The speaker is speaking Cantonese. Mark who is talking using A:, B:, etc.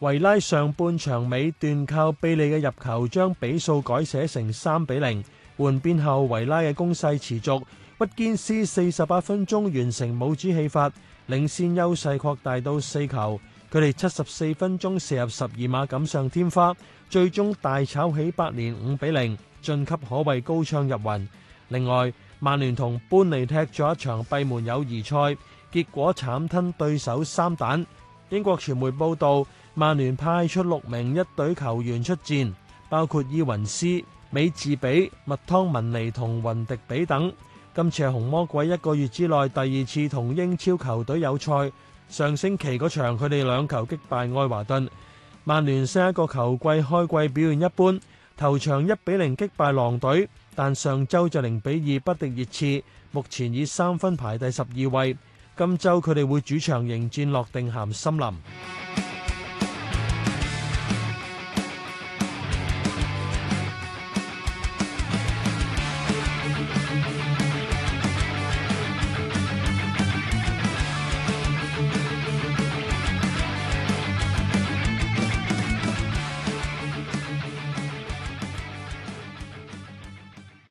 A: 維拉上半場尾段靠貝利嘅入球將比數改寫成三比零，換邊後維拉嘅攻勢持續，屈堅斯四十八分鐘完成帽子戲法，領先優勢擴大到四球。佢哋七十四分鐘射入十二碼錦上添花，最終大炒喜伯年五比零晉級可謂高唱入雲。另外，曼聯同般尼踢咗一場閉門友誼賽，結果慘吞對手三蛋。英國傳媒報道，曼聯派出六名一隊球員出戰，包括伊雲斯、美治比、麥湯文尼同雲迪比等。今次紅魔鬼一個月之內第二次同英超球隊友賽，上星期嗰場佢哋兩球擊敗愛華頓。曼聯上一個球季開季表現一般，頭場一比零擊敗狼隊，但上周就零比二不敵熱刺，目前以三分排第十二位。今周佢哋會主場迎戰洛定咸森林。